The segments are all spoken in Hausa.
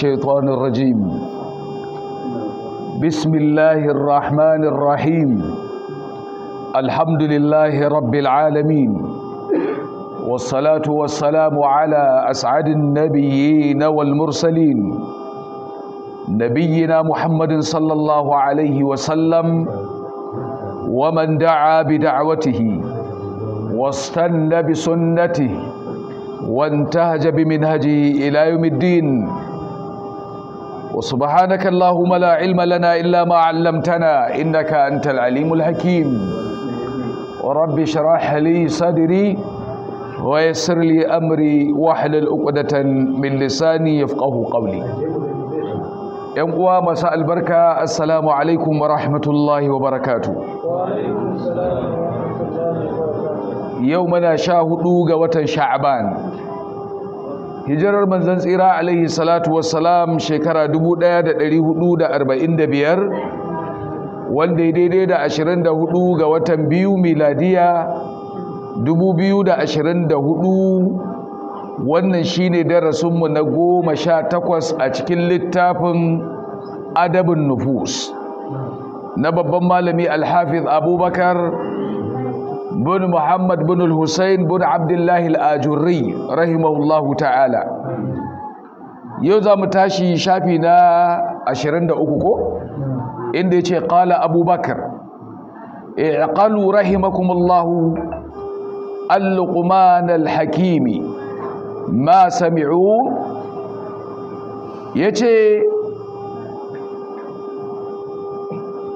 الشيطان الرجيم بسم الله الرحمن الرحيم الحمد لله رب العالمين والصلاة والسلام على أسعد النبيين والمرسلين نبينا محمد صلى الله عليه وسلم ومن دعا بدعوته واستنى بسنته وانتهج بمنهجه إلى يوم الدين وسبحانك اللهم لا علم لنا إلا ما علمتنا إنك أنت العليم الحكيم ورب شرح لي صدري ويسر لي أمري واحلل عقدة من لساني يفقه قولي ‘Yan uwa masu albarka, Assalamu alaikum wa rahmatullahi wa barakatu. Yau mana sha hudu ga watan Sha'aban. hijirar manzan tsira alaihi salatu salam shekara 1445 wanda ya daidai da 24 ga watan biyu miladiya 2024 wannan shine darasinmu na goma sha takwas a cikin littafin adabin nufus na babban malami alhafiz abubakar bin muhammad bin hussein bin abdullahi al’ajurri rahimahullahu ta’ala yau za mu tashi shafi na ashirin 23 ko inda yace ce ƙala abubakar iqalu rahimakumullahu al-luqman al-hakimi ma sami'u yace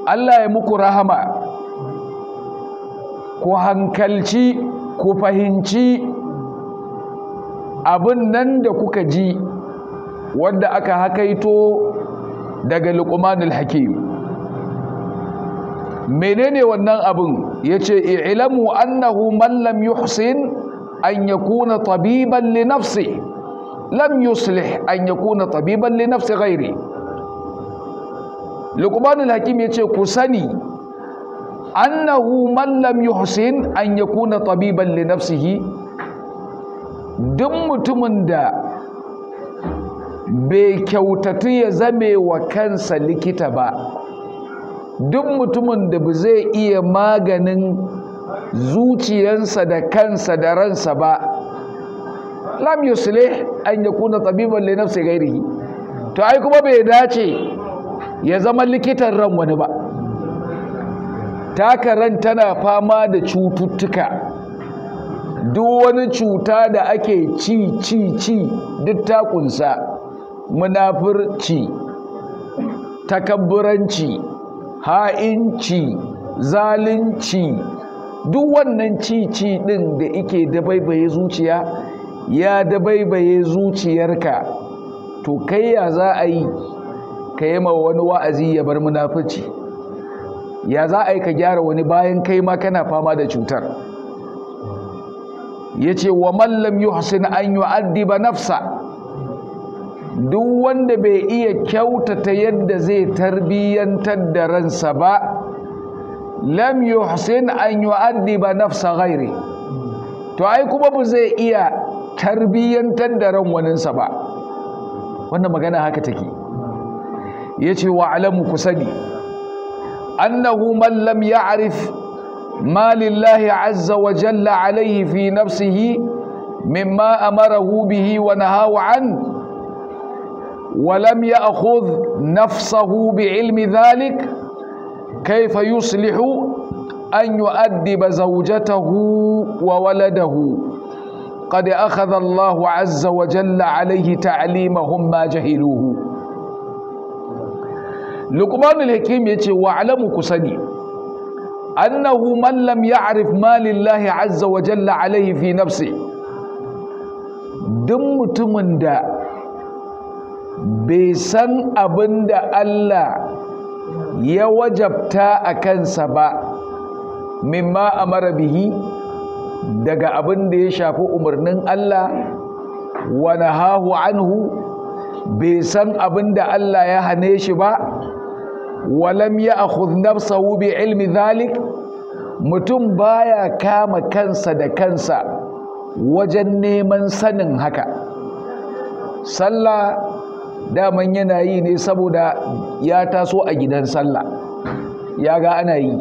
Allah ya muku rahama ku hankalci ku fahimci abin nan da kuka ji wadda aka hakaito daga luqmanul hakim menene wannan abin yace i'lamu annahu man lam yuhsin an yakuna tabiban li nafsi lam yuslih an yakuna tabiban li nafsi ghairi luqmanul hakim yace ku sani annahu man lam yuhsin an yakuna tabiban li nafsihi duk mutumin da bai kyautatu ya zame wa kansa likita ba duk mutumin da ba zai iya maganin zuciyarsa da kansa da ransa ba lam yusli an yakuna tabiban li nafsi ghairihi to ai kuma bai dace ya zama likitan ran wani ba takaran tana fama da cututtuka duk wani cuta da ake ci ci ci duk ta kunsa munafurci takabburanci ha'inci zalunci duk wannan ci ci din da ike dabaibaye zuciya ya dabaibaye zuciyarka to kai ya za a yi ka yi ma wani wa'azi ya bar munafurci ya za a yi ka gyara wani bayan kai ma kana fama da cutar ya ce wa mallam yuhsin an yi ba nafsa duk wanda bai iya kyautata yadda zai tarbiyyantar da ransa ba lam yuhsin an ba nafsa gairi to ai kuma ba zai iya tarbiyyantar da ran waninsa ba wannan magana haka take Ya ce wa alamu ku sani أنه من لم يعرف ما لله عز وجل عليه في نفسه مما أمره به ونهاه عنه ولم يأخذ نفسه بعلم ذلك كيف يصلح أن يؤدب زوجته وولده قد أخذ الله عز وجل عليه تعليمهم ما جهلوه luqmanul hakim yace wa alamu ku sani annahu man lam ya'rif ma lillahi azza wa jalla alayhi fi nafsi duk mutumin da bai san abin da Allah ya wajabta a kansa ba mimma amara bihi daga abin da ya shafi umarnin Allah wa nahahu anhu bai san abin da Allah ya hane shi ba walam ya akhudh nafsahu bi ilmi dhalik mutum baya kama kansa da kansa wajen neman sanin haka sallah daman yana yi ne saboda ya taso a gidan sallah ya ga ana yi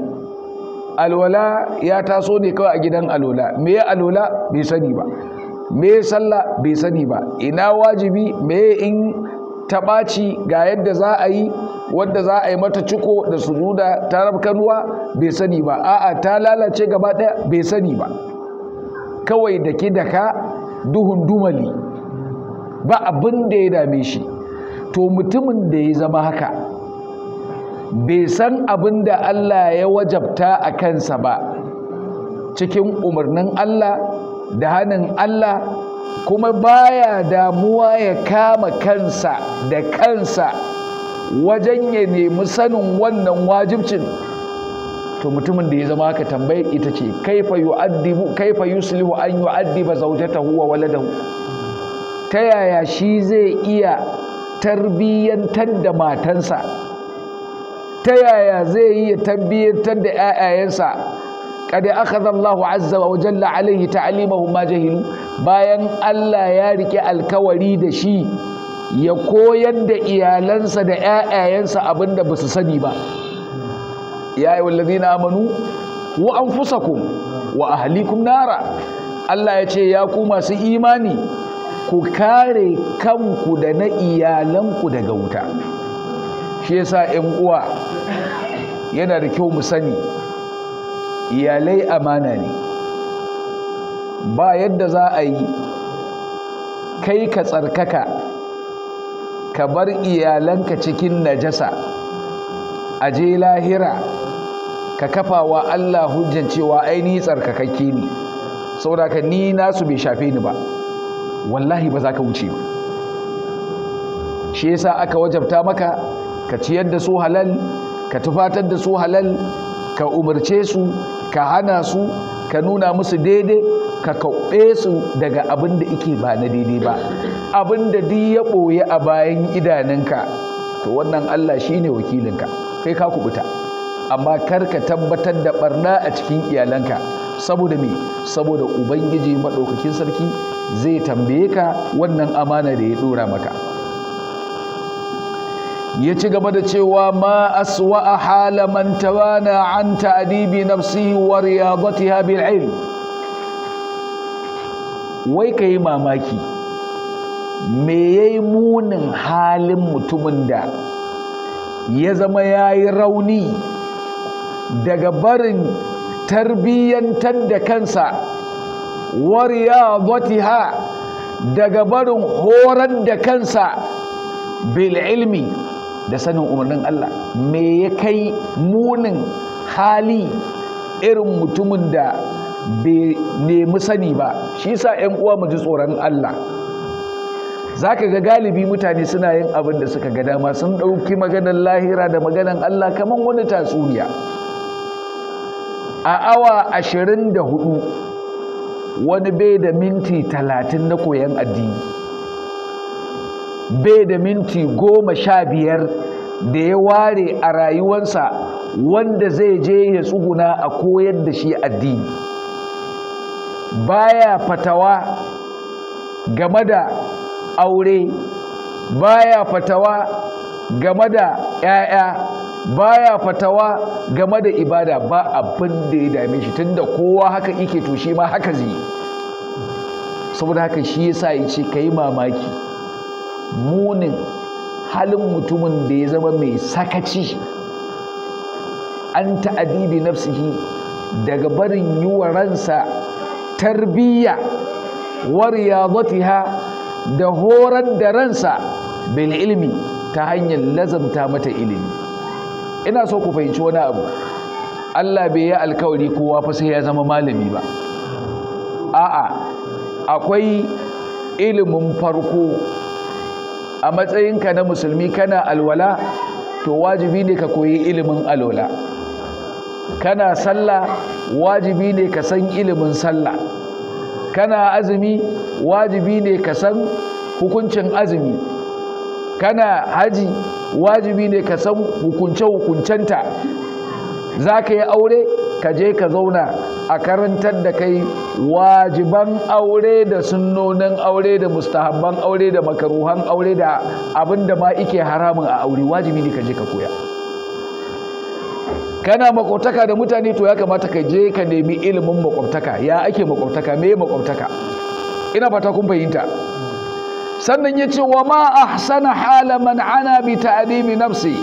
alwala ya taso ne kawai a gidan alwala me alwala bai sani ba me sallah bai sani ba ina wajibi me in taɓaci ga yadda za a yi wadda za a yi mata ciko da sujuda ta rabkanuwa bai sani ba a'a ta lalace gaba ɗaya bai sani ba kawai da ke daka duhun dumali ba abin da ya dame shi to mutumin da ya zama haka bai san abin da Allah ya wajabta a kansa ba cikin umarnin Allah da hannun Allah kuma baya damuwa ya kama kansa da kansa wajen ya nemi sanin wannan wajibcin to mutumin da ya zama ka tambaye ita ce kaifa yu'addibu kaifa yuslihu an yu'addiba zawjatahu wa waladahu ta yaya shi zai iya tarbiyyantar da matansa ta yaya zai iya tarbiyyantar da ƴaƴayensa Kada akhadha Allahu azza wa jalla alaihi ta'limahu ma jahilu bayan Allah ya rike alkawari da shi ya koyar da iyalansa da 'ya'yayensa abin da ba su sani ba ya yi wallazi na amanu wa an ku wa halikun nara Allah ya ce ya ku masu imani ku kare kanku da na iyalanku daga wuta shi yasa 'yan uwa yana da kyau mu sani iyalai amana ne ba yadda za a yi kai ka tsarkaka ka bar iyalanka cikin najasa a je lahira ka kafa wa Allah hujjan cewa ainihi tsarkakakke ne saboda ni nasu bai shafe ni ba wallahi ba za ka wuce ba shi yasa aka wajabta maka ka ciyar da su halal ka tufatar da su halal ka umarce su ka hana su ka nuna musu daidai ka kauɓe su daga abin da ike ba na daidai ba abin da duk ya ɓoye a bayan idanunka to wannan Allah shi ne wakilinka kai ka kubuta amma kar ka tabbatar da ɓarna a cikin iyalanka saboda me saboda ubangiji maɗaukakin sarki zai tambaye ka wannan amana da ya ɗora maka ya ci gaba da cewa ma aswa a halaman tawana an ta'adibi nafsihi wa riyadatiha bil ilm wai ka yi mamaki me ya yi munin halin mutumin da ya zama ya yi rauni daga barin tarbiyyantar da kansa wariya ha daga barin horar da kansa bil ilmi da sanin umarnin Allah me ya kai munin hali irin mutumin da bai nemi sani ba shi sa 'yan uwa mu ji tsoron Allah za ka ga galibi mutane suna yin abin da suka ga dama sun ɗauki maganar lahira da maganar Allah kamar wani tatsuniya a awa ashirin da hudu wani bai da minti talatin na koyon addini bai da minti goma sha biyar da ya ware a rayuwarsa wanda zai je ya tsuguna a koyar da shi addini baya fatawa game da aure baya fatawa game da 'ya'ya baya fatawa game da ibada ba abin da ya dame shi tunda kowa haka yake to shi ma haka zai saboda haka shi yasa ya ce ka yi mamaki munin halin mutumin da ya zama mai sakaci an ta'adibi nafsihi daga barin yi wa ransa tarbiyya wa riyadatiha da horar da ransa bil ilmi ta hanyar lazamta mata ilimi ina so ku fahimci wani abu Allah bai yi alkawari kowa fa sai ya zama malami ba a'a akwai ilimin farko a matsayinka na musulmi kana alwala to wajibi ne ka koyi ilimin alwala kana sallah wajibi ne ka san ilimin sallah kana azumi wajibi ne ka san hukuncin azumi kana haji wajibi ne ka san hukunce-hukuncenta za ka yi aure ka je ka zauna a karantar da kai wajiban aure da sunnonin aure da mustahabban aure da makaruhan aure da abinda ma ike haramun a aure wajibi ne ka je ka koya. kana makwabtaka da mutane to ya kamata ka je ka nemi ilimin makwabtaka ya ake makwabtaka me makwabtaka ina fata kun fahimta sannan ya ce wa ma ahsana hala man ana bi ta'limi nafsi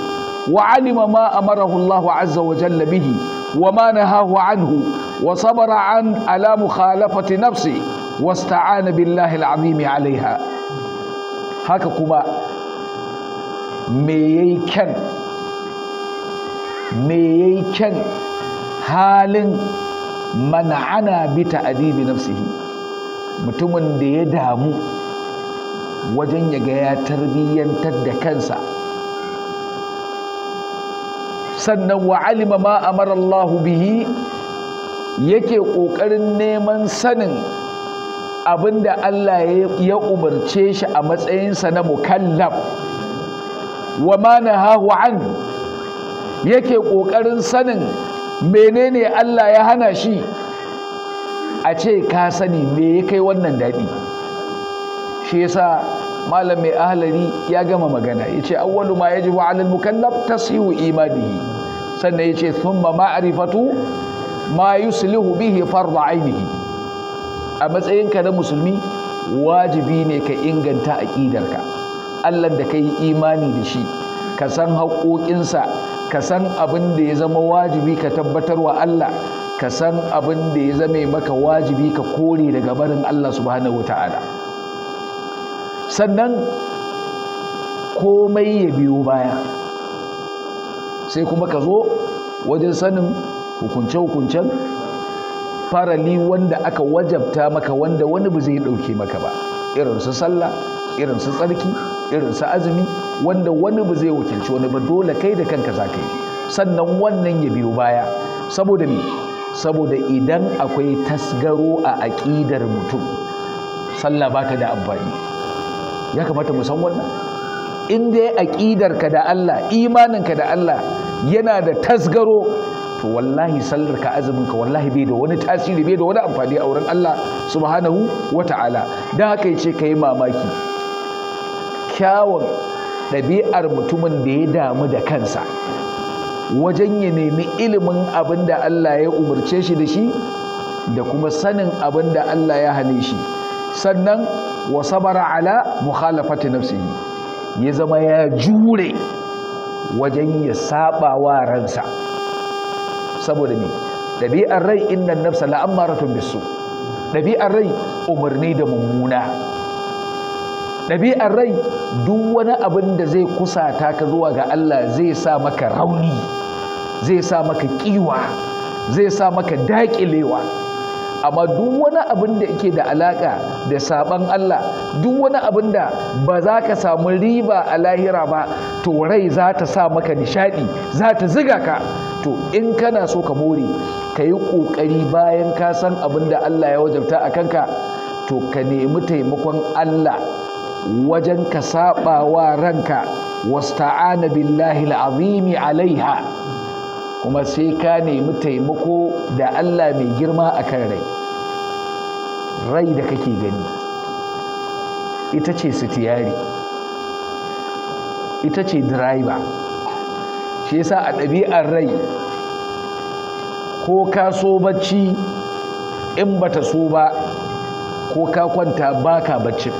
wa alima ma amarahu Allah azza wa jalla bihi wa ma nahahu anhu wa sabara an ala mukhalafati nafsi wasta'ana billahi al'azim alaiha haka kuma me yayi kyan me ya yi kyan halin man'ana bi ta'adibi nafsihi mutumin da ya damu wajen ya ga tarbiyyantar da kansa sannan wa alima ma amara Allahu bihi yake ƙoƙarin neman sanin abin da Allah ya umarce shi a matsayinsa na mukallaf wa ma hahu an yake ƙoƙarin sanin menene Allah ya hana shi a ce ka sani me ya kai wannan daɗi shi yasa malam mai ahalari ya gama magana ya ce awwalu ma yaji wa alal mukallaf tasihu imanihi sannan ya ce thumma ma'rifatu ma yuslihu bihi fardu ainihi a matsayinka na musulmi wajibi ne ka inganta ka. Allah da ka imani da shi ka san haƙoƙinsa ka san abin da ya zama wajibi ka tabbatar wa Allah ka san abin da ya zame maka wajibi ka kore daga barin Allah subhanahu ta’ala sannan komai ya biyo baya sai kuma ka zo wajen sanin hukunce-hukuncen farali wanda aka wajabta maka wanda wani ba zai ɗauke maka ba irin su sallah irin su tsarki irin su azumi wanda wani ba zai wakilci wani ba dole kai da kanka za ka yi sannan wannan ya biyo baya saboda me saboda idan akwai tasgaro a aƙidar mutum sallah ba ta da amfani ya kamata mu san wannan in dai aƙidar ka da Allah imanin ka da Allah yana da tasgaro to wallahi sallar ka azumin ka wallahi bai da wani tasiri bai da wani amfani a wurin Allah subhanahu wata'ala da haka yace yi mamaki kyawun ɗabi'ar mutumin da ya damu da kansa wajen ya nemi ilimin abin da Allah ya umarce shi da shi da kuma sanin abin da Allah ya hane shi sannan wa sabara ala mukhalafati nafsihi ya zama ya jure wajen ya saba wa ransa saboda me ɗabi'ar rai innan nafsa la'ammaratun bisu ɗabi'ar rai umarni da mummuna ɗabi'ar rai duk wani abin da zai kusata ka zuwa ga Allah zai sa maka rauni zai sa maka kiwa zai sa maka daƙilewa amma duk wani abin da yake da alaƙa da sabon Allah duk wani abin da ba za ka samu riba a lahira ba to rai za ta sa maka nishaɗi za ta ziga ka to in kana so ka more ka yi ƙoƙari bayan ka san abin da Allah ya wajabta a kanka to ka nemi taimakon Allah wajen ka saba wa ranka wasta'ana billahi al'azimi alaiha kuma sai ka nemi taimako da Allah mai girma a kan rai rai da kake gani ita ce sitiyari ita ce driver shi yasa a ɗabi'ar rai ko ka so bacci in bata so ba ko ka kwanta baka baccin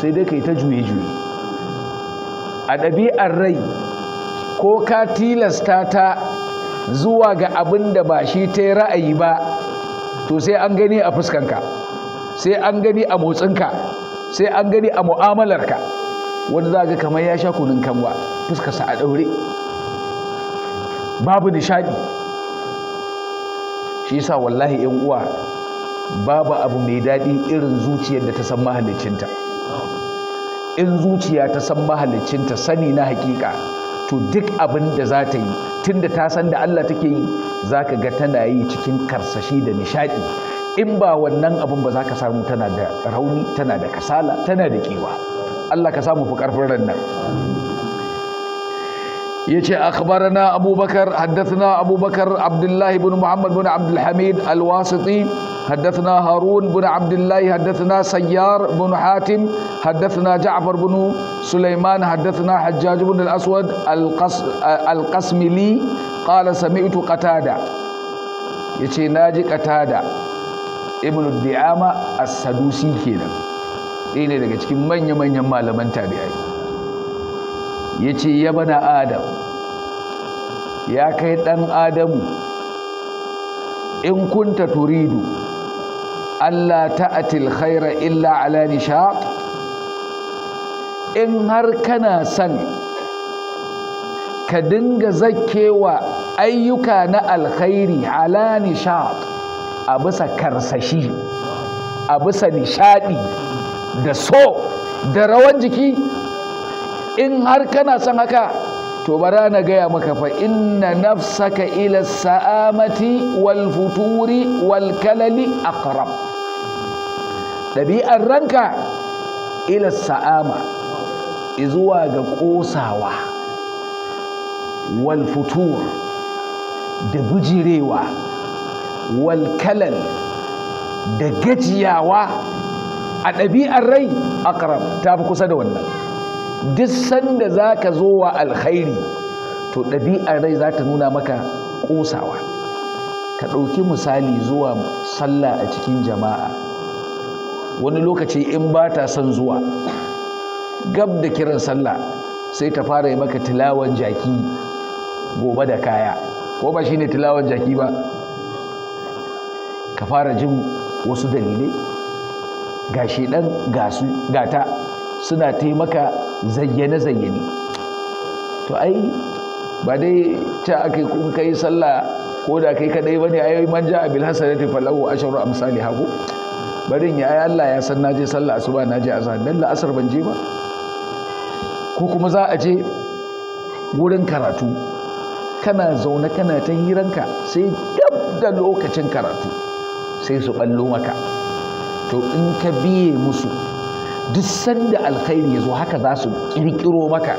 sai dai ka yi ta juye-juye a ɗabi'ar rai ko ka tilasta ta zuwa ga abin da ba shi ta yi ra'ayi ba to sai an gani a fuskanka sai an gani a motsinka sai an gani a mu'amalarka wanda za ga kamar ya sha kunun kanwa fuskarsa a ɗaure babu nishaɗi shi sa wallahi 'yan uwa babu abu mai daɗi irin zuciyar da ta san mahallicinta. in zuciya ta san mahalicinta sani na hakika to duk abin da za ta yi tunda ta san da Allah take yi za ka ga tana yi cikin karsashi da nishaɗi in ba wannan abin ba za ka samu tana da rauni tana da kasala tana da kewa Allah ka samu fi ƙarfin ran nan yace akhbarana abubakar haddathna abubakar abdullah ibn muhammad ibn abd alhamid alwasiti haddathna harun ibn abdullah haddathna sayyar ibn hatim haddathna ja'far ibn sulaiman haddathna hajjaj ibn al-aswad al-qasmili qala sami'tu qatada yace na ji katada. al-di'ama as-sadusi kenan ne daga cikin manya-manyan malaman tabi'ai ya ce ya bana adam ya kai ɗan adamu in kunta turidu allah ta'atil khaira illa ala nishaq in har kana son ka dinga zakewa ayyuka na alkhairi ala nishaq a bisa karsashi a bisa nishadi da so da rawan jiki in har kana son haka to bara na gaya maka fa inna nafsaka ila sa'amati wal futuri wal kalali aqrab ɗabi'ar ranka ila sa'ama izuwa ga ƙosawa wal futur da bujirewa wal kalal da gajiyawa a ɗabi'ar rai aqrab ta fi kusa da wannan duk sanda za ka zo wa alkhairi to ɗabi'ar rai za ta nuna maka ƙosawa ka ɗauki misali zuwa sallah a cikin jama'a wani lokaci in ba ta son zuwa gab da kiran sallah sai ta fara yi maka tilawan jaki gobe da kaya ko ba shine tilawan jaki ba ka fara jin wasu dalilai ga shi ɗan gata suna taimaka zayyane-zayyane to ai ba dai ta aka kun kai sallah ko da kai kadai ba ne ayoyi manja abil hasanati a asharu amsali hagu barin ya yi Allah ya san naje sallah asuba naje azhar dan la'asar ban je ba ko kuma za a je wurin karatu kana zaune kana ta hiranka sai gab da lokacin karatu sai su ballo maka to in ka biye musu duk sanda alkhairi ya zo haka za su kirkiro maka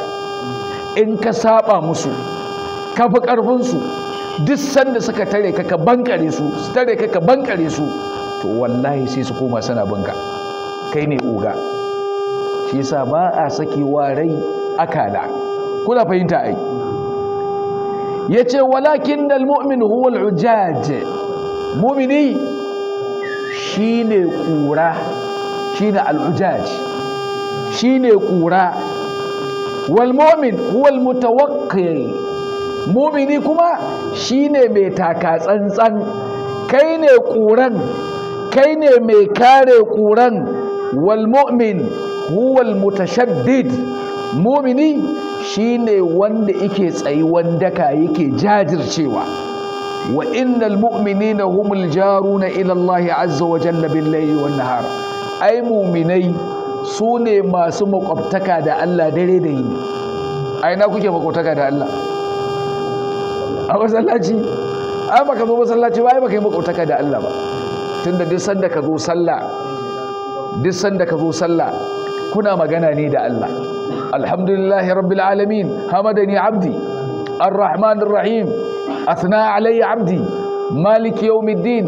in ka saba musu ka fi ƙarfinsu duk sanda suka tare ka ka bankare su su tare ka ka bankare su to wallahi sai su koma suna banka kai ne uga shi yasa ba a sakewa rai akala kuna fahimta ai yace ce walakin dal mu'min huwa al-ujaj mu'mini shine kura shine al'ujaj shine kura wal mu'min huwa al mutawakkil mu'mini kuma shine mai taka tsantsan kai ne kuran kai ne mai kare kuran wal mu'min huwa al mutashaddid mu'mini shine wanda yake tsayuwan daka yake jajircewa wa innal mu'minina humul jaruna ila Allah azza wa jalla bil layli wan nahar ai muminai su ne masu makwabtaka da Allah dare da yini ai na kuke makwabtaka da Allah a masallaci ai baka zo masallaci ba ai baka yi makwabtaka da Allah ba tunda duk sanda ka zo sallah duk sanda ka zo sallah kuna magana ne da Allah alhamdulillah rabbil alamin hamadani abdi الرحمن rahim, athna alayya abdi maliki yawmiddin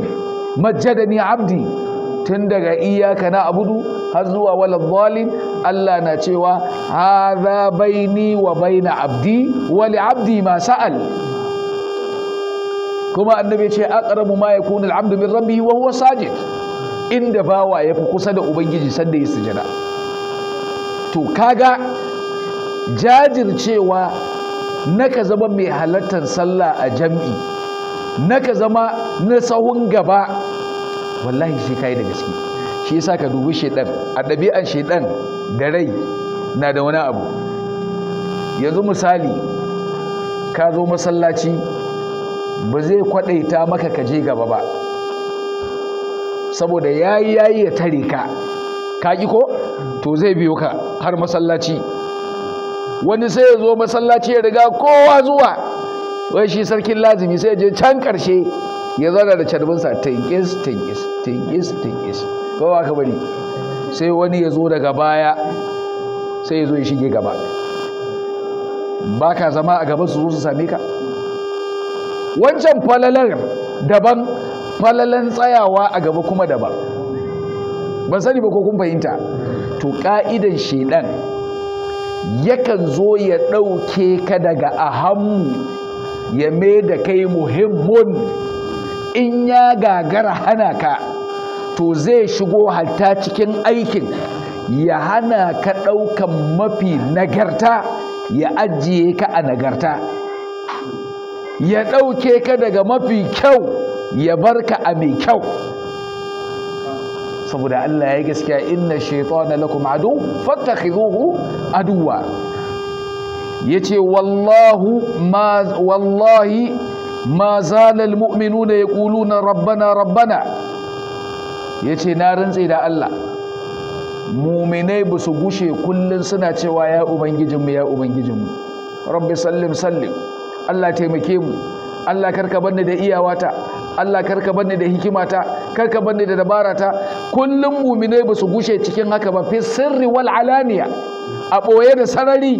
الدين abdi tun daga iyaka na abudu har zuwa wala zalim Allah na cewa hadha baini wa baina abdi wa li abdi ma sa'al kuma annabi ce aqrabu ma yakunu al-abdu min rabbi wa huwa sajid inda bawa fi kusa da ubangiji sanda ya sujada to kaga jajircewa naka zama mai halartar sallah a jam'i naka zama na sahun gaba wallahi sai kai da gaske shi yasa ka dubi shedan a ɗabi'an shedan da rai na da wani abu yanzu misali ka zo masallaci ba zai kwaɗaita maka ka je gaba ba saboda yayi yayi ya tare ka ka ƙi ko to zai biyo ka har masallaci wani sai ya zo masallaci ya riga kowa zuwa wai shi sarkin lazimi sai ya je can ƙarshe ya zauna da carbinsa tinkis tinkis tinkis tinkis ko ba ka bari sai wani ya zo daga baya sai ya zo ya shige gaba ba ka zama a gaban su zo su same ka wancan falalar daban falalan tsayawa a gaba kuma daban ban sani ba ko kun fahimta to ka'idan shedan yakan zo ya ɗauke ka daga ahammu ya mai da kai muhimmun in ya gagara hana ka to zai shigo halta cikin aikin ya hana ka ɗaukan mafi nagarta ya ajiye ka a nagarta ya ɗauke ka daga mafi kyau ya bar ka a mai kyau saboda Allah ya gaskiya inna shaitana lakum adu fattakhidhuhu aduwa yace wallahu ma wallahi ma zalal mu'minuna na rabbana rabbana yace na rantse da Allah muminai ba su gushe kullum suna cewa ya ubangijinmu ya ubangijinmu rabbi sallim sallim Allah taimake mu Allah karka banni da iyawata Allah karka banni da hikimata karka banni da dabarata kullum muminai ba su gushe cikin haka ba fi sirri wal alaniya a ɓoye da sarari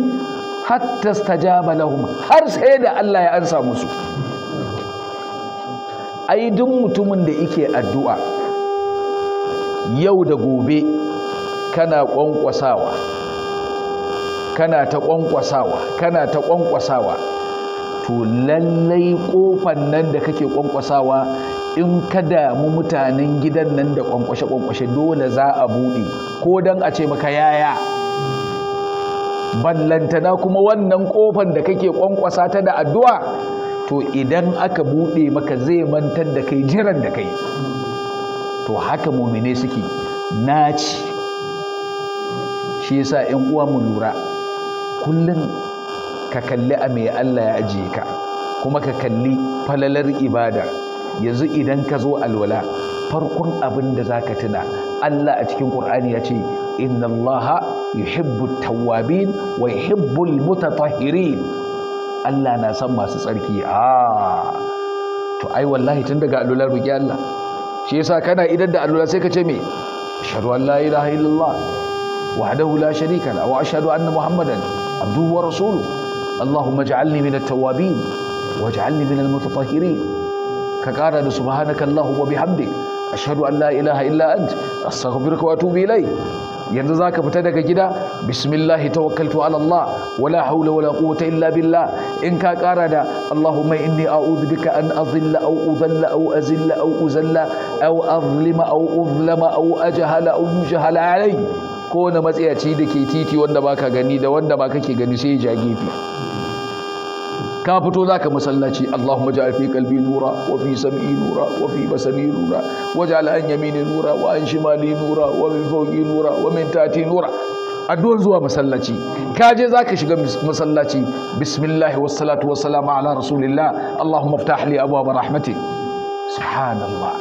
hatta stajaba lahum har sai da Allah ya ansa musu ai duk mutumin da yake addu'a yau da gobe kana kwankwasawa kana ta kwankwasawa kana ta kwankwasawa to lallai kofan nan da kake kwankwasawa in ka damu mutanen gidan nan da kwankwashe-kwankwashe dole za a buɗe ko don a ce maka yaya ballantana kuma wannan kofan da kake kwankwasa ta da addu'a to idan aka buɗe maka zai mantar da kai jiran da kai to haka mumine suke naci shi yasa 'yan uwa mu lura kullum ka kalli a mai Allah ya ajiye ka kuma ka kalli falalar ibada yanzu idan ka zo alwala farkon abin da za ka tuna Allah a cikin ƙur'ani ya ce inna Allah yuhibbu tawwabin wa yuhibbul mutatahhirin Allah na san masu tsarki a ah, to ai wallahi tun daga alular roƙi Allah shi yasa kana idan da alular sai ka ce me ashhadu an la ilaha illallah wahdahu la sharika la wa ashhadu anna muhammadan abduhu wa rasuluhu allahumma ij'alni min at-tawwabin waj'alni min al-mutatahhirin ka kara da subhanaka allahumma bihamdik ashhadu an la ilaha illa ant astaghfiruka wa atubu ilayk yanzu za ka fita daga gida bismillah wakaltu ala Allah wala haula wala quwwata illa billah in ka kara da Allahumma inni a'udhu bika an azilla aw udalla aw azilla aw uzalla aw azlima aw uzlama aw ajhala aw yujhala alai kowane matsayaci da ke titi wanda baka gani da wanda ba kake gani sai ya ja gefe ka fito zaka masallaci Allahumma ja'al fi kalbi nura wa fi sam'i nura wa fi basari nura waj'al an yamini nura wa an shimali nura wa min fawqi nura wa min tati nura addu'ar zuwa masallaci ka je zaka shiga masallaci bismillah wassalatu wassalamu ala rasulillah Allahumma iftah li abwaab rahmatik subhanallah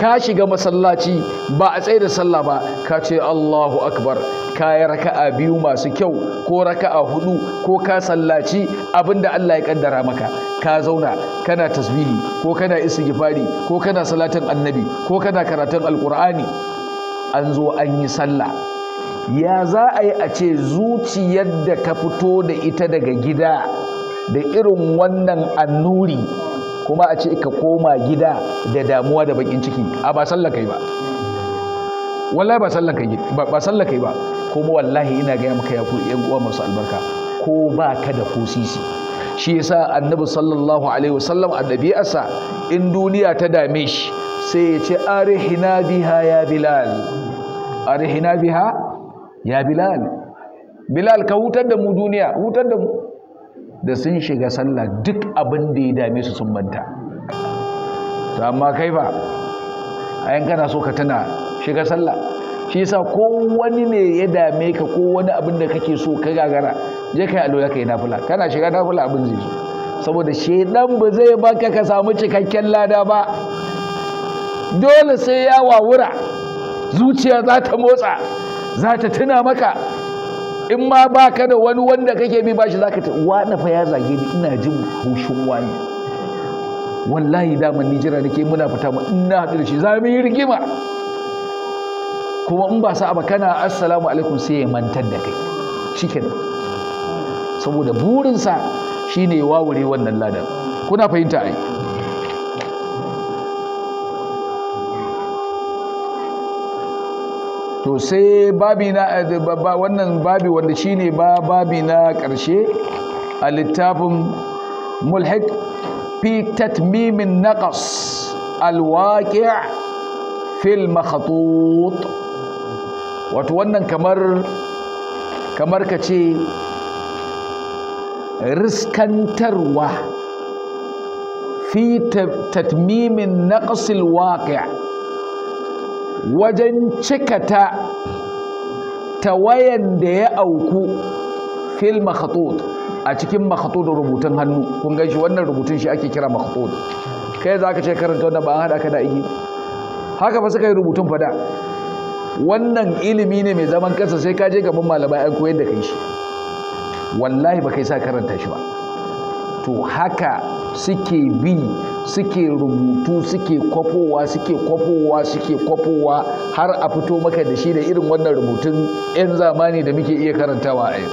ka shiga masallaci ba a tsaye da sallah ba ka ce Allahu akbar ka yi raka'a biyu masu kyau ko raka'a hudu ko ka sallaci abinda da Allah ya kaddara maka ka zauna kana tasbihi ko kana istighfari ko kana salatin annabi ko kana karatun alqur'ani an zo an yi sallah ya za a yi a ce zuciyar da ka fito da ita daga gida da irin wannan annuri kuma a ce ka koma gida da damuwa da bakin ciki a ba sallah kai ba wallahi ba sallah kai ba ba sallah kai ba kuma wallahi ina ga maka ya ku yan uwa masu albarka ko ba ka da ko sisi shi yasa annabi sallallahu alaihi wasallam a dabi'arsa in duniya ta dame shi sai ya ce arihina biha ya bilal arihina biha ya bilal bilal ka hutar da mu duniya hutar da mu da sun shiga sallah duk abin da ya dame su sun manta to amma kai ba ayan kana so ka tana shiga sallah shi yasa ko wani ne ya dame ka ko wani abin da kake so ka gagara je kai alwala kai nafila kana shiga nafila abin zai zo saboda shedan ba zai baka ka samu cikakken lada ba dole sai ya wawura zuciya za ta motsa za ta tuna maka in ma baka da wani wanda kake bi ba shi za ka ta wani fa ya zage ni ina jin hushin wani wallahi daman ni jira nake muna fita mu ina haɗu da shi za mu yi rigima kuma in ba sa'a ba kana assalamu alaikum sai ya mantar da kai shikenan saboda burinsa shine ya wawure wannan ladar. kuna fahimta ai to sai babi na wannan babi wanda shine ba babi na ƙarshe a littafin mulhik fi tatmimin naqas alwaqi' fil makhtut wato wannan kamar kamar ka ce riskantarwa fi tatmimin waqi wajen cikata wayan da ya auku fil makhatut a cikin makhatut rubutun hannu kun shi wannan rubutun shi ake kira makhatut kai za ka ce karanta wannan ba an haɗa ka da igi haka ba suka yi rubutun fada wannan ilimi ne mai zaman kansa sai ka je gaban malamai an koyar da kai shi wallahi ba kai sa karanta shi ba to haka suke bi suke rubutu suke kwafowa suke kwafowa suke kwafowa har a fito maka da shi da irin wannan rubutun 'yan zamani da muke iya karantawa a yau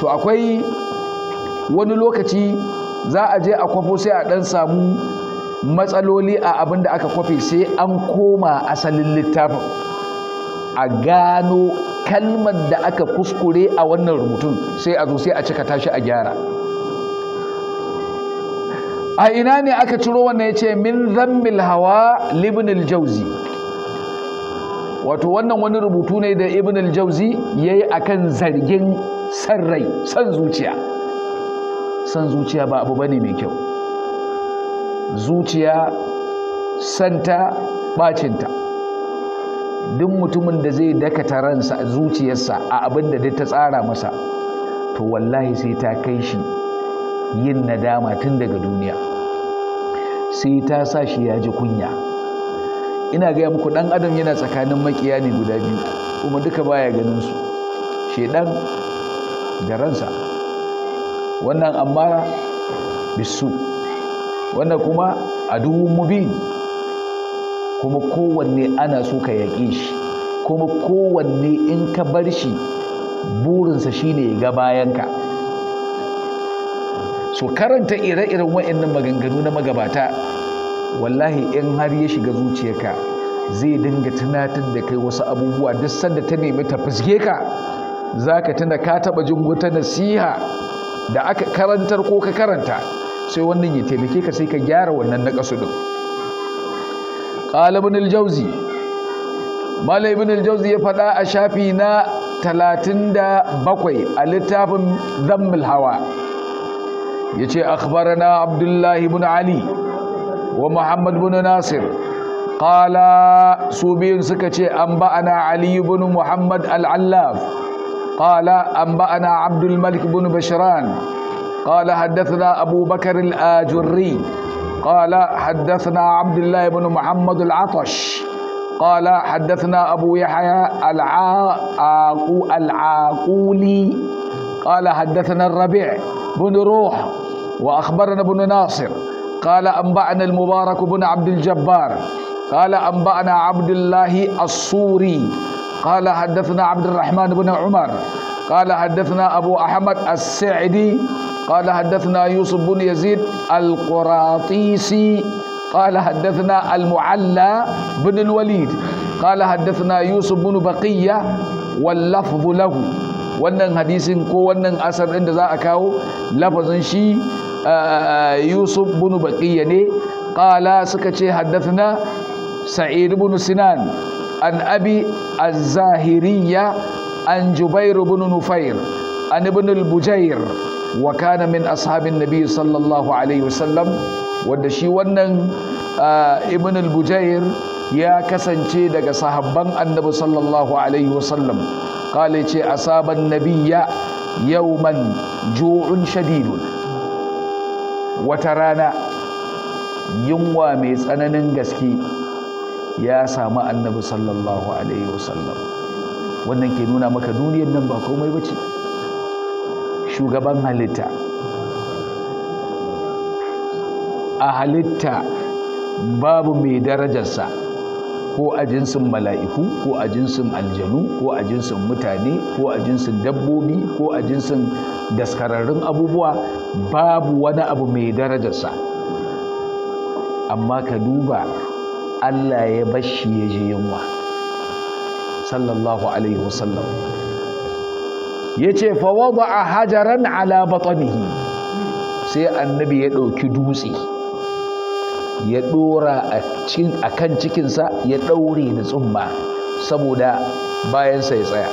to akwai wani lokaci za a je a kwafo sai a dan samu matsaloli a abin da aka kwafe sai an koma asalin littafin a gano kalmar da aka kuskure a wannan rubutun sai a zo sai a cika tashi a gyara a ina ne aka ciro wannan ya ce min zammil hawa libin jauzi? wato wannan wani rubutu ne da ibn jauzi ya yi a kan zargin san rai san zuciya san zuciya ba abu bane mai kyau zuciya santa bacinta duk mutumin da zai dakata ransa zuciyarsa a abin da ta tsara masa to wallahi sai ta kai shi yin nadama tun daga duniya sai ta sa shi ya ji kunya ina gaya muku dan adam yana tsakanin makiya ne guda biyu kuma duka baya ganin su shedan da ransa wannan amma bisu wannan kuma a mubin kuma kowanne ana so ka yaƙe shi kuma kowanne in ka bar shi burinsa shine ya ga ka. so karanta ire-iren wa'annan maganganu na magabata wallahi in har ya shiga zuciyarka zai dinga tunatar da kai wasu abubuwa duk sanda ta nemi ta fuske ka za ka tuna ka taɓa jin wuta nasiha da aka karantar ko ka karanta sai wannan ya taimake ka sai ka gyara wannan na kasu din qala ibn al-jawzi ya faɗa a shafi na talatin da bakwai a littafin dhammul hawa yace na Abdullahi ibn ali wa muhammad ibn nasir Ƙala su biyun suka ce an ana ali ibn muhammad al Ƙala an ba ana Abdulmalik ibn bashran قال حدثنا أبو بكر الآجري قال حدثنا عبد الله بن محمد العطش قال حدثنا أبو يحيى العاقولي قال حدثنا الربيع بن روح وأخبرنا بن ناصر قال أنبأنا المبارك بن عبد الجبار قال أنبأنا عبد الله الصوري قال حدثنا عبد الرحمن بن عمر قال حدثنا أبو أحمد السعدي قال حدثنا يوسف بن يزيد القراطيسي قال حدثنا المعلى بن الوليد قال حدثنا يوسف بن بقية واللفظ له wannan hadisin ko wannan asar ɗin da za a kawo lafazin shi yusuf bin baqiya ne qala suka ce haddathna sa'id bin sinan an abi az-zahiriyya an jubair bin nufair an ibn al-bujair wa kana min ashabin nabi sallallahu alaihi wasallam wanda shi wannan ah, ibn al-bujair ya kasance daga sahabban annabi sallallahu alaihi wasallam kale ce asaban nabiyya yawman ju'un shadidun wata rana yunwa mai tsananin gaske ya samu annabi sallallahu alaihi wasallam wannan ke nuna maka duniyar nan ba komai bace ce shugaban halitta a halitta babu mai darajarsa ko a jinsin mala'iku ko a jinsin aljanu ko a jinsin mutane ko a jinsin dabbobi ko a jinsin daskararrun abubuwa babu wani abu mai darajarsa amma ka duba allah ya bashi ya je yunwa sallallahu alaihi wasallam Ya ce fa a hajaran alaba sai annabi ya ɗauki dutse ya ɗora a kan cikinsa ya ɗaure da tsumma saboda bayansa ya tsaya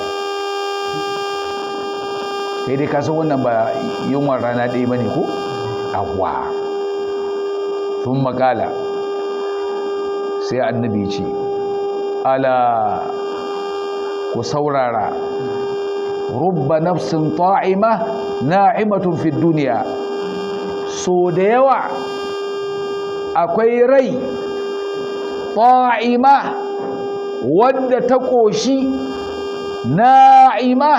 kai dai kasan wannan ba yunwar rana ɗaya ba ne ko awa sun makala sai annabi ce ala ku saurara rubba nafsin ta'ima na'imatun fid duniya so da yawa akwai rai ta'ima wadda ta ƙoshi na'ima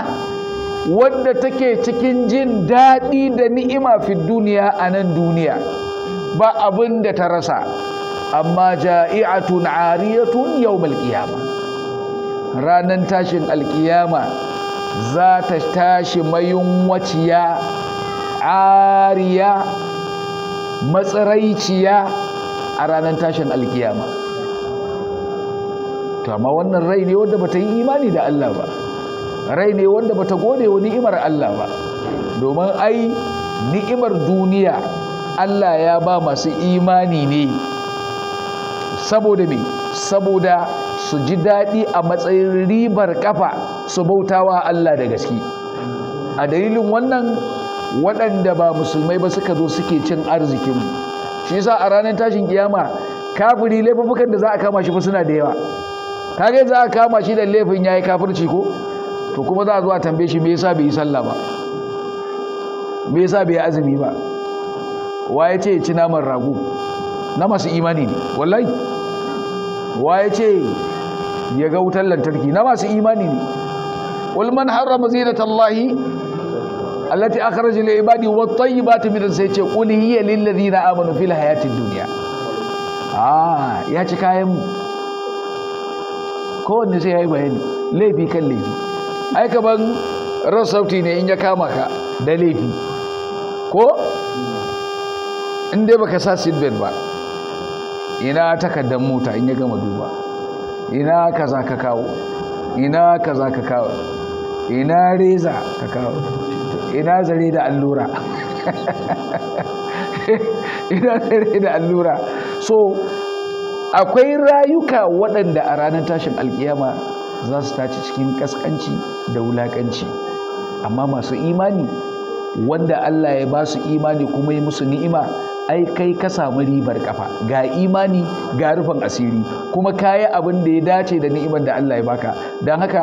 wadda take cikin jin daɗi da ni'ima fi duniya a nan duniya ba abin da ta rasa amma ja'i'atun ariyatun yau mulkiyama. ranar tashin alƙiyama za ta tashi mayunwaciya ariya matsaraiciya a ranar tashin alkiyama to amma wannan rai ne wanda bata yi imani da Allah ba rai ne wanda bata gode wa ni'imar Allah ba domin ai ni'imar duniya Allah ya ba masu imani ne saboda me saboda su ji daɗi a matsayin ribar ƙafa su bautawa Allah da gaske a dalilin wannan waɗanda ba musulmai ba suka zo suke cin arzikin shi yasa a ranar tashin kiyama kafiri laifukan da za a kama shi fa suna da yawa kage za a kama shi da laifin yayi kafirci ko to kuma za a zo a tambaye shi me yasa bai yi sallah ba me yasa bai yi azumi ba wa ya ce ya ci naman rago na masu imani ne wallahi wa ya ce ya ga wutar lantarki na masu imani ne ulman man harrama zinatallahi allati akhraj li ibadi wat tayyibati min sai ce qul hiya lil ladina amanu fil hayati dunya ah ya ci kayan mu kowanne sai yayi bayani laifi kan laifi ai ka ban rasauti ne in ya kama ka da laifi ko in dai baka sa belt ba ina takardar mota in ya gama duba ina kaza ka kawo ina kaza ka kawo ina reza ka kawo ina zare da allura ina zare da allura so akwai rayuka waɗanda a ranar tashin alkiyama za su tace cikin ƙasƙanci da wulaƙanci amma masu imani wanda Allah ya ba su imani kuma yi musu ni'ima ai kai ka samu ribar kafa ga imani ga rufin asiri kuma kayi abin da ya dace da ni'imar da Allah ya baka don haka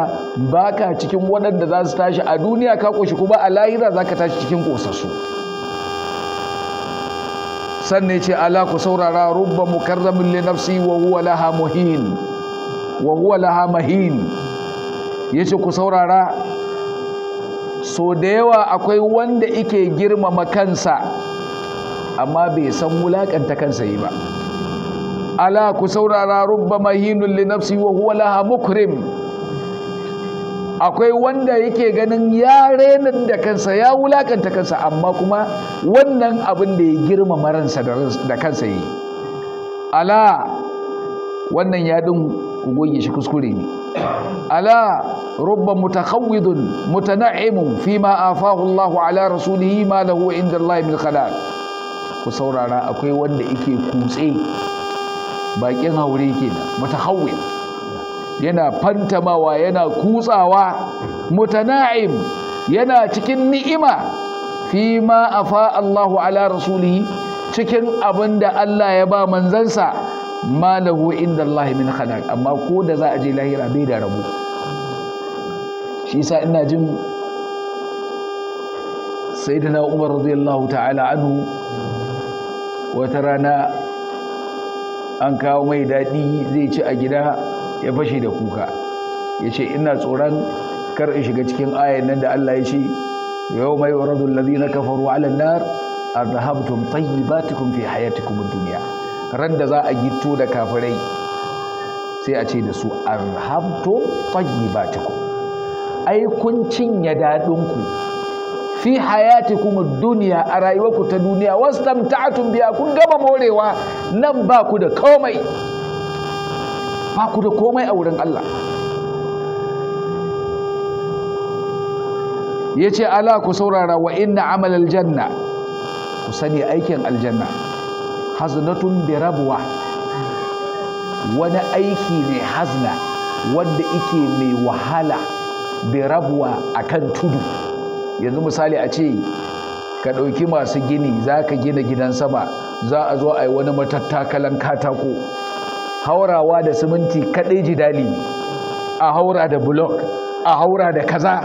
baka cikin waɗanda za su tashi a duniya ka ƙoshi kuma a lahira za ka tashi cikin ƙosassu. sannan ce ala ku saurara rubba mukarramin li nafsi wa huwa laha muhin wa yace ku saurara so da yawa akwai wanda ike girmama kansa amma bai san wulakanta kansa yi ba ala ku saurara rubba mahinun li nafsi wa huwa laha mukrim akwai wanda yake ganin ya renin da kansa ya wulakanta kansa amma kuma wannan abin da ya girmama ransa da kansa yi ala wannan yadin ku goge shi kuskure ne ala rubba mutakhawwidun mutana'imun fima afahu Allahu ala rasulihi ma lahu inda Allah min khalaq ku saurara akwai wanda yake kutse bakin haure Mata mutahawwil yana fantamawa yana kutsawa mutana'im yana cikin ni'ima fi ma afa Allahu ala rasulihi cikin abinda Allah ya ba manzansa ma lahu inda Allah min khalaq amma ko da za a je lahira bai da rabu shi yasa ina jin sayyidina Umar radiyallahu ta'ala anhu wata rana an kawo mai daɗi zai ci a gida ya fashe da kuka ya ce ina tsoron kar in shiga cikin ayan nan da Allah ya ce yau mai waradun lazina kafaru alan nar ta tayyibatikum fi hayatikum kuma duniya. ran da za a gito da kafirai sai a ce da su azhabtum tayyibatikum ai kun cinye daɗinku fi hayati kuma duniya a rayuwarku ta duniya Wasu wastamta'tum biya kun gama morewa nan ba ku da komai ba ku da komai a wurin Allah Ya ce ala ku saurara wa inna amal aljanna ku sani aikin aljanna haznatun bi rabuwa wani aiki ne hazna wanda ike mai wahala bi a akan tudu yanzu misali a ce ka ɗauki masu gini za ka gina gidan sama za a zo a yi wani matattakalan katako haurawa da siminti kaɗai jidali ne a haura da bulok a haura da kaza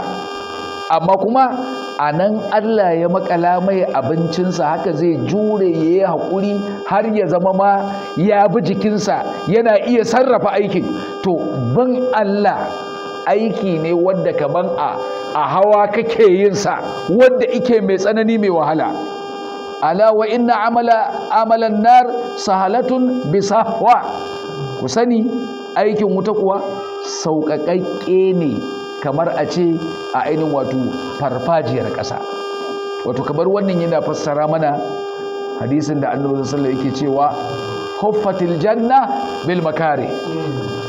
amma kuma a nan Allah ya makala mai abincinsa haka zai jure ya yi haƙuri har ya zama ma ya bi jikinsa yana iya sarrafa aikin to bin Allah aiki ne wadda kaman a a hawa kake yin sa wadda ike mai tsanani mai wahala ala wa inna amala amalan nar sahalatun bisahwa ku sani aikin wuta kuwa sauƙaƙaƙƙe ne kamar a ce a ainihin wato farfajiyar ƙasa wato kamar wannan yana fassara mana hadisin da annabi sallallahu alaihi yake cewa huffatil janna bil makare hmm.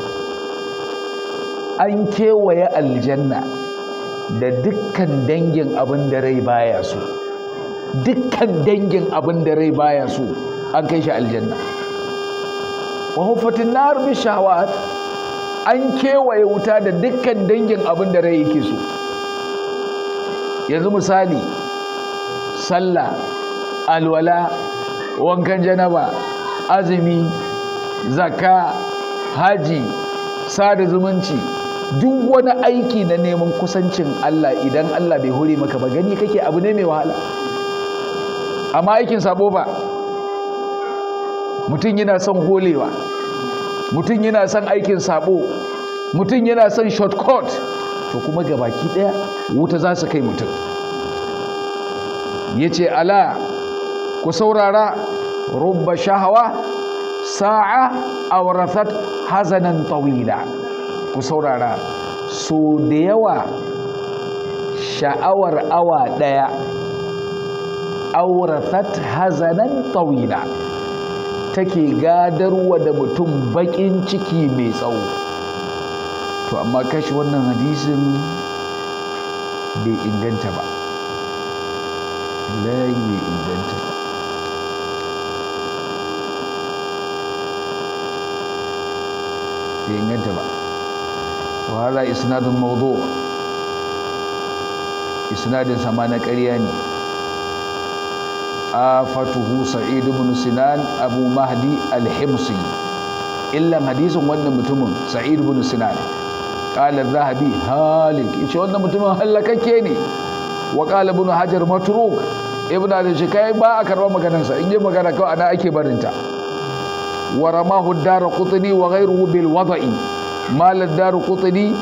an kewaye aljanna da dukkan dangin abin da rai baya so dukkan dangin abin da rai baya so an kai shi aljanna wa hufatin nar bi shawar an kewaye wuta da dukkan dangin abin da rai yake so yanzu misali sallah alwala wankan janaba azumi zakka haji sada zumunci duk wani aiki na neman kusancin Allah idan Allah bai hore maka ba gani kake abu ne mai wahala amma aikin sabo ba mutum yana son holewa mutum yana son aikin sabo mutum yana son shortcut to kuma ga baki ɗaya wuta za su kai mutum ya ce ala ku saurara rubba shahawa sa'a a aurasat hazanan tawila ku saurara so da yawa sha'awar awa ɗaya auratat hazanan tawila take gadarwa da mutum baƙin ciki mai tsawo to amma kashi wannan hadisin bai inganta ba layi inganta ba bai inganta ba وهذا إسناد موضوع إسناد سمان كرياني آفته سعيد بن سنان أبو مهدي الحمصي إلا حديث وانا متم سعيد بن سنان قال الذهبي هالك إيش وانا متم هلك كيني وقال ابن حجر متروك ابن هذا الشكاية ما أكرم مكانسا إنجي مكانك أنا أكي برنتا ورماه الدار قطني وغيره بالوضعي malar daru Kutsari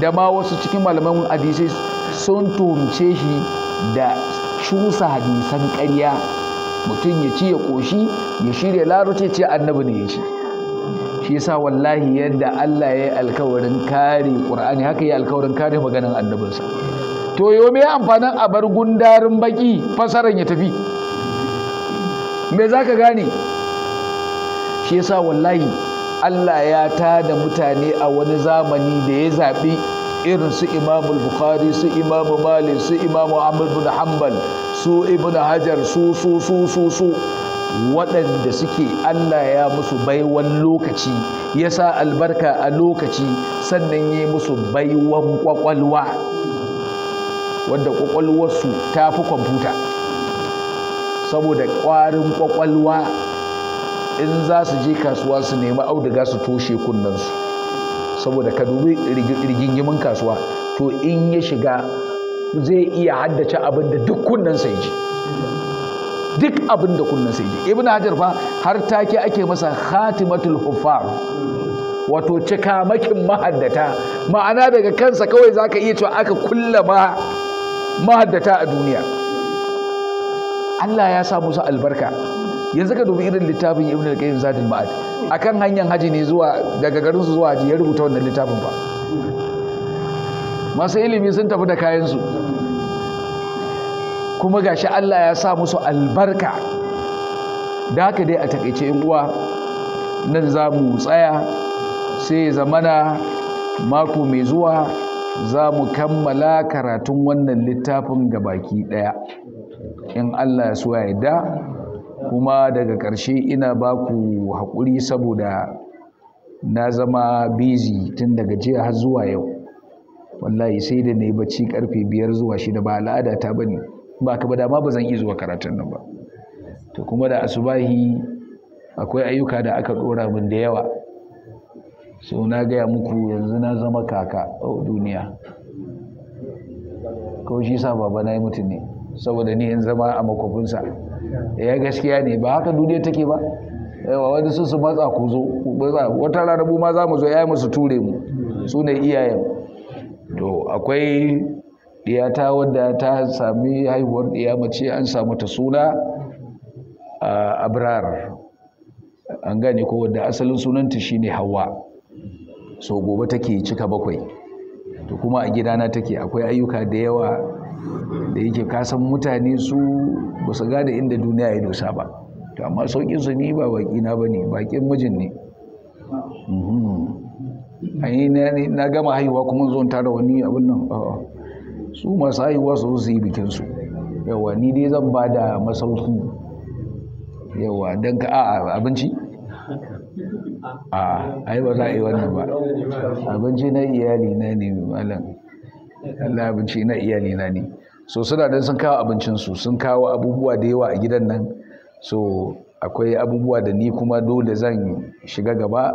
da ma wasu cikin malaman hadisai sun tuhumce shi da cusa hadisan ƙarya mutum ya ci ya ƙoshi ya shirya laruce ce annabi ne ya ci shi yasa wallahi yadda Allah ya yi alkawarin kare Qur'ani haka ya alkawarin kare maganar annabinsa to yau me amfanin a bar gundarin baki fasaran ya tafi me zaka gane shi yasa wallahi Allah ya tada mutane a wani zamani da ya zaɓi irin su imamul bukhari su imamu malik su imamu ahmad bin hanbal su ibn hajar su su su su su waɗanda suke Allah ya musu baiwan lokaci ya sa albarka a lokaci sannan ya musu baiwan ƙwaƙwalwa wadda ƙwaƙwalwarsu ta fi kwamfuta saboda ƙwarin ƙwaƙwalwa in za su je kasuwa su nemi auduga su toshe kunnensu saboda ka dubi rigingimin kasuwa to in ya shiga zai iya haddace abin da duk kunnan sai ji duk abin da kunnan sai ji ibn hajar fa har take ake masa khatimatul huffar wato cikamakin mahaddata ma'ana daga kansa kawai zaka iya cewa aka kulla ma mahaddata a duniya Allah ya sa musu albarka yanzu ka dubi irin littafin ibn al-qayyim zadul ma'ad akan hanyar haji ne zuwa daga garin su zuwa haji ya rubuta wannan littafin ba masu ilimi sun tafi da kayan su kuma gashi Allah ya sa musu albarka da haka dai a takaice in uwa nan za mu tsaya sai zamana mako mai zuwa za mu kammala karatun wannan littafin ga baki ɗaya in Allah ya so ya yarda kuma daga ƙarshe ina ba ku haƙuri saboda na zama busy tun daga jiya har zuwa yau wallahi sai da na yi bacci karfe biyar zuwa shida ba al'ada ta bane ba ka ba dama ba zan iya zuwa karatun nan ba to kuma da asubahi akwai ayyuka da aka ɗora min da yawa so na gaya muku yanzu na zama kaka oh duniya kawai shi sa baba na yi mutum ne saboda ni in zama a makwabinsa ya eh, gaskiya ne ba haka duniya take ba yawa wani sun su matsa ku zo wata rana ma za mu zo ya musu ture mu su ne iyayen to akwai diyata wadda ta sami haihuwar diya mace an samu ta suna a abrar an gane ko wadda asalin sunanta shine hawa so gobe take cika bakwai to kuma a gidana take akwai ayyuka da yawa da yake kasan mutane su ba su gada inda duniya ya dosa ba to amma sauƙin su ni ba baki na ne, bakin mijin ne mm-hmm. na gama haihuwa kuma zo tara wani abin nan su masu haihuwa su su yi bikinsu. yawa ni dai zan ba da masauki yawa don ka a abinci a ai ba za a yi wannan ba abinci na iyali na ne malam Allah abinci na iyali na ne so suna dan sun kawo abincinsu sun kawo abubuwa da yawa a gidan nan so akwai abubuwa da ni kuma dole zan shiga gaba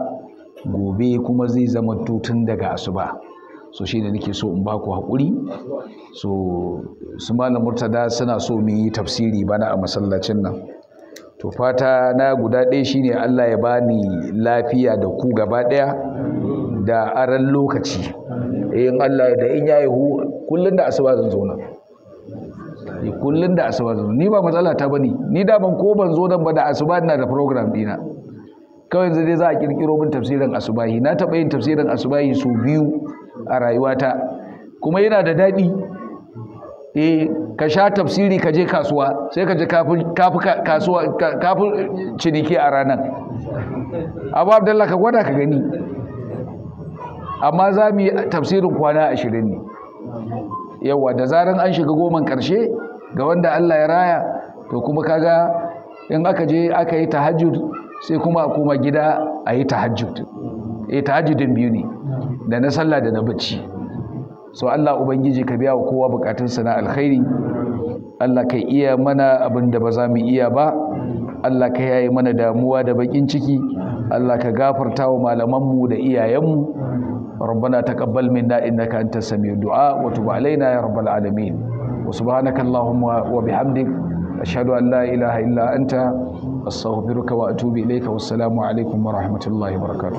gobe kuma zai zama tutun daga asuba so shi ne nake so in ba ku haƙuri so su malam murtada suna so mu yi tafsiri bana a masallacin nan to fata na guda ɗaya shine Allah ya bani lafiya da ku gaba ɗaya da aran lokaci Eh, in Allah da in yayi hu kullun da asuba zan zo eh, kullun da asuba zan ni ba matsala ta bane ni da ban ko ban zo dan ba da asuba ina da program dina kawai yanzu dai za a kirkiro min tafsirin asubahi na taɓa yin tafsirin asubahi su biyu a rayuwata kuma yana da daɗi eh ka sha tafsiri ka je kasuwa sai ka je kasuwa kafin ciniki a ranar abu abdallah ka gwada ka gani amma za mu yi tafsirin kwana ashirin ne yawa da zaran an shiga goman ƙarshe ga wanda Allah ya raya to kuma kaga in aka je aka yi tahajjud sai kuma a koma gida a yi tahajjud eh tahajjudin biyu ne da na sallah da na bacci so Allah ubangiji ka biya wa kowa bukatunsa na alkhairi Allah ka iya mana abin da ba za mu iya ba Allah ka yayi mana damuwa da bakin ciki Allah ka gafarta wa malamanmu da iyayenmu ربنا تقبل منا إنك أنت السميع الدعاء وتب علينا يا رب العالمين وسبحانك اللهم وبحمدك أشهد أن لا إله إلا أنت أستغفرك وأتوب إليك والسلام عليكم ورحمة الله وبركاته